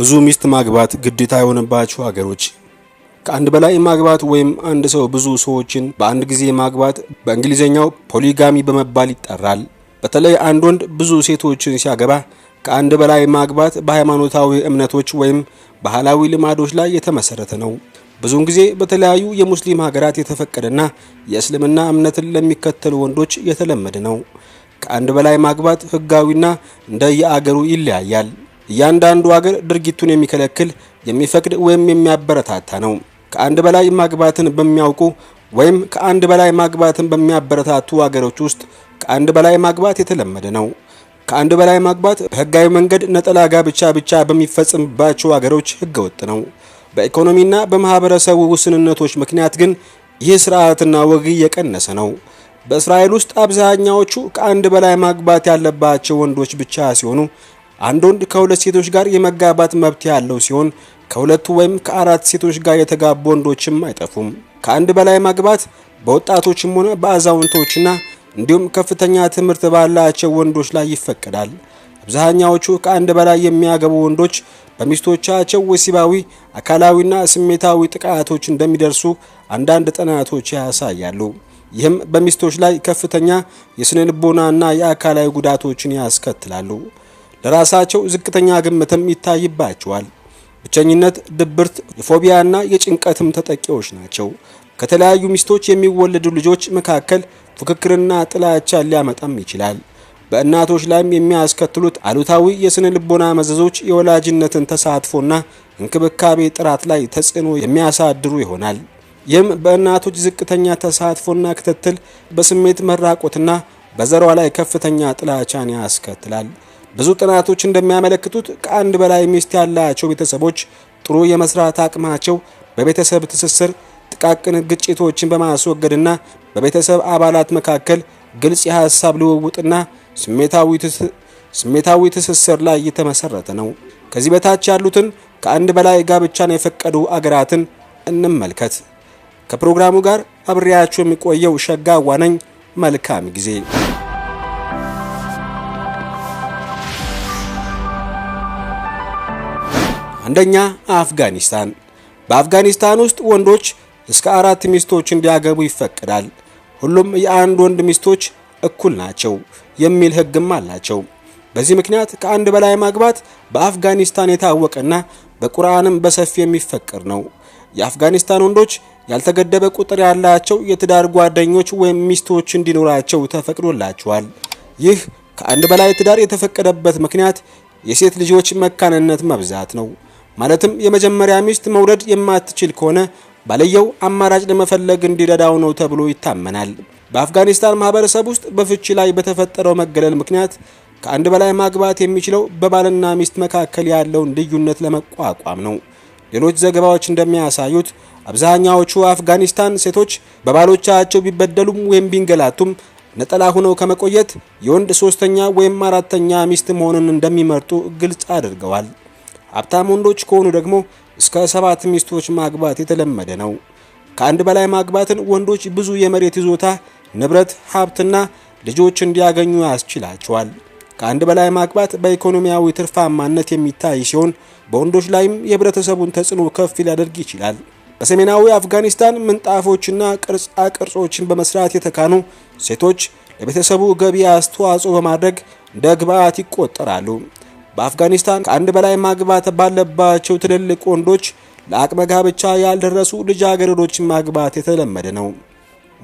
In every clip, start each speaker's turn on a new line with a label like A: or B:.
A: ብዙ ሚስት ማግባት ግዴታ የሆነባቸው ሀገሮች ከአንድ በላይ ማግባት ወይም አንድ ሰው ብዙ ሰዎችን በአንድ ጊዜ ማግባት በእንግሊዝኛው ፖሊጋሚ በመባል ይጠራል። በተለይ አንድ ወንድ ብዙ ሴቶችን ሲያገባ ከአንድ በላይ ማግባት በሃይማኖታዊ እምነቶች ወይም ባህላዊ ልማዶች ላይ የተመሰረተ ነው። ብዙውን ጊዜ በተለያዩ የሙስሊም ሀገራት የተፈቀደና የእስልምና እምነትን ለሚከተሉ ወንዶች የተለመደ ነው። ከአንድ በላይ ማግባት ህጋዊና እንደየአገሩ ይለያያል። እያንዳንዱ ሀገር ድርጊቱን የሚከለክል የሚፈቅድ ወይም የሚያበረታታ ነው። ከአንድ በላይ ማግባትን በሚያውቁ ወይም ከአንድ በላይ ማግባትን በሚያበረታቱ ሀገሮች ውስጥ ከአንድ በላይ ማግባት የተለመደ ነው። ከአንድ በላይ ማግባት በህጋዊ መንገድ ነጠላ ጋብቻ ብቻ በሚፈጽምባቸው ሀገሮች ህገወጥ ነው። በኢኮኖሚና በማህበረሰቡ ውስንነቶች ምክንያት ግን ይህ ስርዓትና ወግ የቀነሰ ነው። በእስራኤል ውስጥ አብዛኛዎቹ ከአንድ በላይ ማግባት ያለባቸው ወንዶች ብቻ ሲሆኑ አንድ ወንድ ከሁለት ሴቶች ጋር የመጋባት መብት ያለው ሲሆን ከሁለቱ ወይም ከአራት ሴቶች ጋር የተጋቡ ወንዶችም አይጠፉም። ከአንድ በላይ ማግባት በወጣቶችም ሆነ በአዛውንቶችና እንዲሁም ከፍተኛ ትምህርት ባላቸው ወንዶች ላይ ይፈቀዳል። አብዛኛዎቹ ከአንድ በላይ የሚያገቡ ወንዶች በሚስቶቻቸው ወሲባዊ፣ አካላዊና ስሜታዊ ጥቃቶች እንደሚደርሱ አንዳንድ ጥናቶች ያሳያሉ። ይህም በሚስቶች ላይ ከፍተኛ የስነ ልቦናና የአካላዊ ጉዳቶችን ያስከትላሉ። ለራሳቸው ዝቅተኛ ግምትም ይታይባቸዋል። ብቸኝነት፣ ድብርት፣ የፎቢያና የጭንቀትም ተጠቂዎች ናቸው። ከተለያዩ ሚስቶች የሚወለዱ ልጆች መካከል ፉክክርና ጥላቻ ሊያመጣም ይችላል። በእናቶች ላይም የሚያስከትሉት አሉታዊ የስነ ልቦና መዘዞች የወላጅነትን ተሳትፎና እንክብካቤ ጥራት ላይ ተጽዕኖ የሚያሳድሩ ይሆናል። ይህም በእናቶች ዝቅተኛ ተሳትፎና ክትትል፣ በስሜት መራቆትና በዘሯ ላይ ከፍተኛ ጥላቻን ያስከትላል። ብዙ ጥናቶች እንደሚያመለክቱት ከአንድ በላይ ሚስት ያላቸው ቤተሰቦች ጥሩ የመስራት አቅማቸው በቤተሰብ ትስስር ጥቃቅን ግጭቶችን በማስወገድና በቤተሰብ አባላት መካከል ግልጽ የሀሳብ ልውውጥና ስሜታዊ ትስስር ላይ የተመሰረተ ነው። ከዚህ በታች ያሉትን ከአንድ በላይ ጋብቻን የፈቀዱ አገራትን እንመልከት። ከፕሮግራሙ ጋር አብሬያችሁ የሚቆየው ሸጋ ዋነኝ። መልካም ጊዜ አንደኛ አፍጋኒስታን። በአፍጋኒስታን ውስጥ ወንዶች እስከ አራት ሚስቶች እንዲያገቡ ይፈቀዳል። ሁሉም የአንድ ወንድ ሚስቶች እኩል ናቸው የሚል ሕግም አላቸው። በዚህ ምክንያት ከአንድ በላይ ማግባት በአፍጋኒስታን የታወቀና በቁርአንም በሰፊ የሚፈቅር ነው። የአፍጋኒስታን ወንዶች ያልተገደበ ቁጥር ያላቸው የትዳር ጓደኞች ወይም ሚስቶች እንዲኖራቸው ተፈቅዶላቸዋል። ይህ ከአንድ በላይ ትዳር የተፈቀደበት ምክንያት የሴት ልጆች መካንነት መብዛት ነው። ማለትም የመጀመሪያ ሚስት መውለድ የማትችል ከሆነ ባልየው አማራጭ ለመፈለግ እንዲረዳው ነው ተብሎ ይታመናል። በአፍጋኒስታን ማህበረሰብ ውስጥ በፍቺ ላይ በተፈጠረው መገለል ምክንያት ከአንድ በላይ ማግባት የሚችለው በባልና ሚስት መካከል ያለውን ልዩነት ለመቋቋም ነው። ሌሎች ዘገባዎች እንደሚያሳዩት አብዛኛዎቹ አፍጋኒስታን ሴቶች በባሎቻቸው ቢበደሉም ወይም ቢንገላቱም ነጠላ ሆነው ከመቆየት የወንድ ሶስተኛ ወይም አራተኛ ሚስት መሆንን እንደሚመርጡ ግልጽ አድርገዋል። ሀብታም ወንዶች ከሆኑ ደግሞ እስከ ሰባት ሚስቶች ማግባት የተለመደ ነው። ከአንድ በላይ ማግባትን ወንዶች ብዙ የመሬት ይዞታ፣ ንብረት፣ ሀብትና ልጆች እንዲያገኙ ያስችላቸዋል። ከአንድ በላይ ማግባት በኢኮኖሚያዊ ትርፋማነት የሚታይ ሲሆን በወንዶች ላይም የህብረተሰቡን ተጽዕኖ ከፍ ሊያደርግ ይችላል። በሰሜናዊ አፍጋኒስታን ምንጣፎችና ቅርጻ ቅርጾችን በመስራት የተካኑ ሴቶች ለቤተሰቡ ገቢ አስተዋጽኦ በማድረግ እንደ ግብአት ይቆጠራሉ። በአፍጋኒስታን ከአንድ በላይ ማግባት ባለባቸው ትልልቅ ወንዶች ለአቅመ ጋብቻ ያልደረሱ ልጃገረዶችን ማግባት የተለመደ ነው።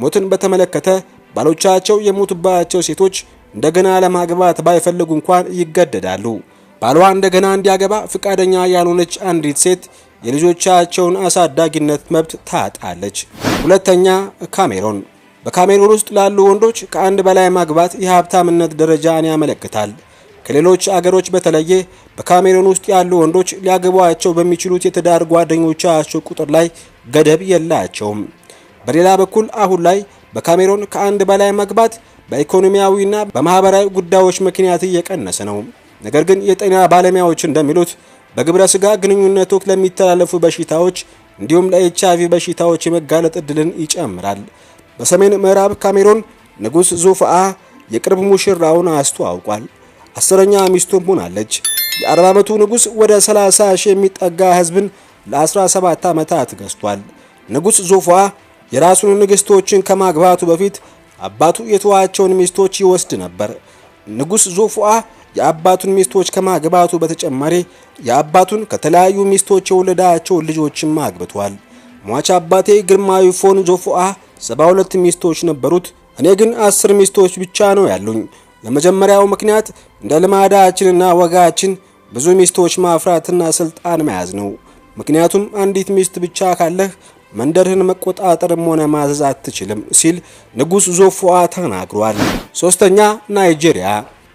A: ሞትን በተመለከተ ባሎቻቸው የሞቱባቸው ሴቶች እንደገና ለማግባት ባይፈልጉ እንኳን ይገደዳሉ። ባሏ እንደገና እንዲያገባ ፈቃደኛ ያልሆነች አንዲት ሴት የልጆቻቸውን አሳዳጊነት መብት ታጣለች። ሁለተኛ ካሜሮን። በካሜሮን ውስጥ ላሉ ወንዶች ከአንድ በላይ ማግባት የሀብታምነት ደረጃን ያመለክታል። ከሌሎች አገሮች በተለየ በካሜሩን ውስጥ ያሉ ወንዶች ሊያገቧቸው በሚችሉት የትዳር ጓደኞቻቸው ቁጥር ላይ ገደብ የላቸውም። በሌላ በኩል አሁን ላይ በካሜሩን ከአንድ በላይ መግባት በኢኮኖሚያዊና በማህበራዊ ጉዳዮች ምክንያት እየቀነሰ ነው። ነገር ግን የጤና ባለሙያዎች እንደሚሉት በግብረ ስጋ ግንኙነት ወቅት ለሚተላለፉ በሽታዎች እንዲሁም ለኤች አይቪ በሽታዎች የመጋለጥ እድልን ይጨምራል። በሰሜን ምዕራብ ካሜሩን ንጉሥ ዙፍአ የቅርብ ሙሽራውን አስተዋውቋል። አስረኛ ሚስቱም ሆናለች። የ40 ዓመቱ ንጉሥ ወደ 30 ሺህ የሚጠጋ ህዝብን ለ17 ዓመታት ገዝቷል። ንጉሥ ዞፏ የራሱን ንግሥቶችን ከማግባቱ በፊት አባቱ የተዋቸውን ሚስቶች ይወስድ ነበር። ንጉሥ ዞፉአ የአባቱን ሚስቶች ከማግባቱ በተጨማሪ የአባቱን ከተለያዩ ሚስቶች የወለዳቸውን ልጆችም አግብቷል። ሟች አባቴ ግርማዊ ፎን ዞፉአ 72 ሚስቶች ነበሩት። እኔ ግን አስር ሚስቶች ብቻ ነው ያሉኝ። ለመጀመሪያው ምክንያት እንደ ልማዳችንና ወጋችን ብዙ ሚስቶች ማፍራትና ስልጣን መያዝ ነው። ምክንያቱም አንዲት ሚስት ብቻ ካለህ መንደርህን መቆጣጠርም ሆነ ማዘዝ አትችልም ሲል ንጉሥ ዞፎዋ ተናግሯል። ሶስተኛ ናይጄሪያ።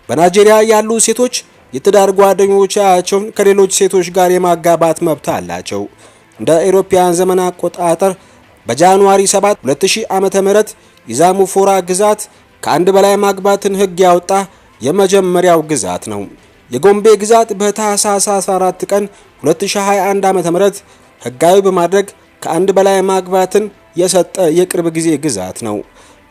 A: በናይጄሪያ ያሉ ሴቶች የትዳር ጓደኞቻቸውን ከሌሎች ሴቶች ጋር የማጋባት መብት አላቸው። እንደ ኤሮፓያን ዘመን አቆጣጠር በጃንዋሪ 7 2000 ዓ.ም የዛሙፎራ ግዛት ከአንድ በላይ ማግባትን ህግ ያወጣ የመጀመሪያው ግዛት ነው። የጎምቤ ግዛት በታህሳስ 14 ቀን 2021 ዓ.ም ህጋዊ በማድረግ ከአንድ በላይ ማግባትን የሰጠ የቅርብ ጊዜ ግዛት ነው።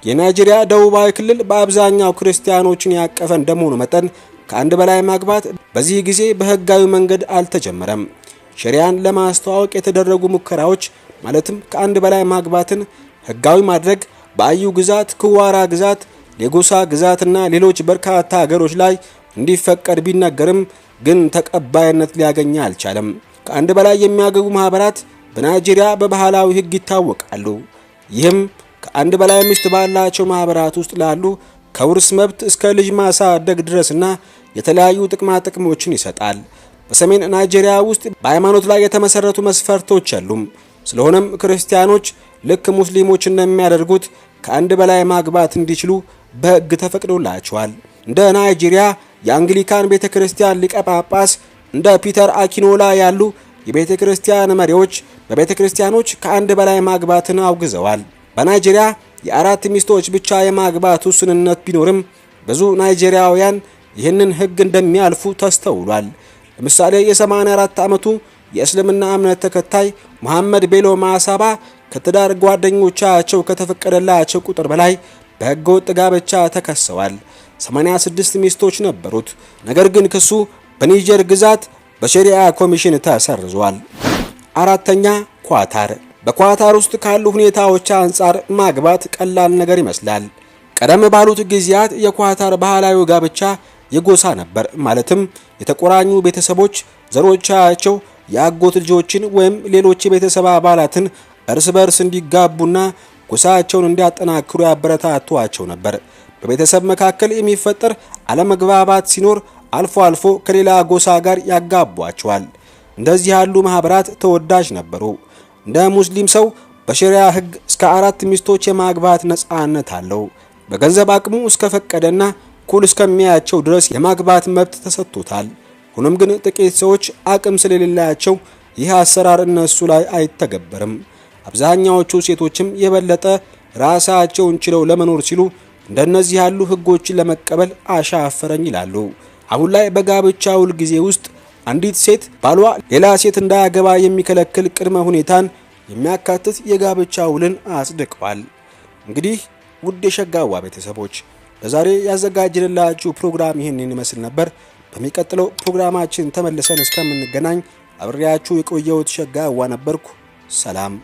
A: የናይጄሪያ ደቡባዊ ክልል በአብዛኛው ክርስቲያኖችን ያቀፈ እንደመሆኑ መጠን ከአንድ በላይ ማግባት በዚህ ጊዜ በህጋዊ መንገድ አልተጀመረም። ሸሪያን ለማስተዋወቅ የተደረጉ ሙከራዎች ማለትም ከአንድ በላይ ማግባትን ህጋዊ ማድረግ በአዩ ግዛት፣ ክዋራ ግዛት የጎሳ ግዛትና ሌሎች በርካታ ሀገሮች ላይ እንዲፈቀድ ቢነገርም ግን ተቀባይነት ሊያገኝ አልቻለም። ከአንድ በላይ የሚያገቡ ማህበራት በናይጄሪያ በባህላዊ ሕግ ይታወቃሉ። ይህም ከአንድ በላይ ሚስት ባላቸው ማህበራት ውስጥ ላሉ ከውርስ መብት እስከ ልጅ ማሳደግ ድረስና የተለያዩ ጥቅማ ጥቅሞችን ይሰጣል። በሰሜን ናይጄሪያ ውስጥ በሃይማኖት ላይ የተመሰረቱ መስፈርቶች የሉም። ስለሆነም ክርስቲያኖች ልክ ሙስሊሞች እንደሚያደርጉት ከአንድ በላይ ማግባት እንዲችሉ በህግ ተፈቅዶላቸዋል። እንደ ናይጄሪያ የአንግሊካን ቤተ ክርስቲያን ሊቀ ጳጳስ እንደ ፒተር አኪኖላ ያሉ የቤተ ክርስቲያን መሪዎች በቤተ ክርስቲያኖች ከአንድ በላይ ማግባትን አውግዘዋል። በናይጄሪያ የአራት ሚስቶች ብቻ የማግባት ውስንነት ቢኖርም ብዙ ናይጄሪያውያን ይህንን ህግ እንደሚያልፉ ተስተውሏል። ለምሳሌ የ84 ዓመቱ የእስልምና እምነት ተከታይ መሐመድ ቤሎ ማሳባ ከትዳር ጓደኞቻቸው ከተፈቀደላቸው ቁጥር በላይ በህገ ወጥ ጋብቻ ተከሰዋል። 86 ሚስቶች ነበሩት። ነገር ግን ክሱ በኒጀር ግዛት በሸሪዓ ኮሚሽን ተሰርዟል። አራተኛ ኳታር። በኳታር ውስጥ ካሉ ሁኔታዎች አንጻር ማግባት ቀላል ነገር ይመስላል። ቀደም ባሉት ጊዜያት የኳታር ባህላዊ ጋብቻ የጎሳ ነበር። ማለትም የተቆራኙ ቤተሰቦች ዘሮቻቸው የአጎት ልጆችን ወይም ሌሎች የቤተሰብ አባላትን እርስ በርስ እንዲጋቡና ጉሳቸውን እንዲያጠናክሩ ያበረታቷቸው ነበር። በቤተሰብ መካከል የሚፈጠር አለመግባባት ሲኖር አልፎ አልፎ ከሌላ ጎሳ ጋር ያጋቧቸዋል። እንደዚህ ያሉ ማህበራት ተወዳጅ ነበሩ። እንደ ሙስሊም ሰው በሸሪያ ሕግ እስከ አራት ሚስቶች የማግባት ነፃነት አለው። በገንዘብ አቅሙ እስከፈቀደና እኩል እስከሚያያቸው ድረስ የማግባት መብት ተሰጥቶታል። ሆኖም ግን ጥቂት ሰዎች አቅም ስለሌላቸው ይህ አሰራር እነሱ ላይ አይተገበርም። አብዛኛዎቹ ሴቶችም የበለጠ ራሳቸውን ችለው ለመኖር ሲሉ እንደነዚህ ያሉ ህጎችን ለመቀበል አሻፈረኝ ይላሉ። አሁን ላይ በጋብቻ ውል ጊዜ ውስጥ አንዲት ሴት ባሏ ሌላ ሴት እንዳያገባ የሚከለክል ቅድመ ሁኔታን የሚያካትት የጋብቻ ውልን አጽድቋል። እንግዲህ ውድ የሸጋዋ ቤተሰቦች በዛሬ ያዘጋጀንላችሁ ፕሮግራም ይህንን ይመስል ነበር። በሚቀጥለው ፕሮግራማችን ተመልሰን እስከምንገናኝ አብሬያችሁ የቆየሁት ሸጋዋ ነበርኩ። ሰላም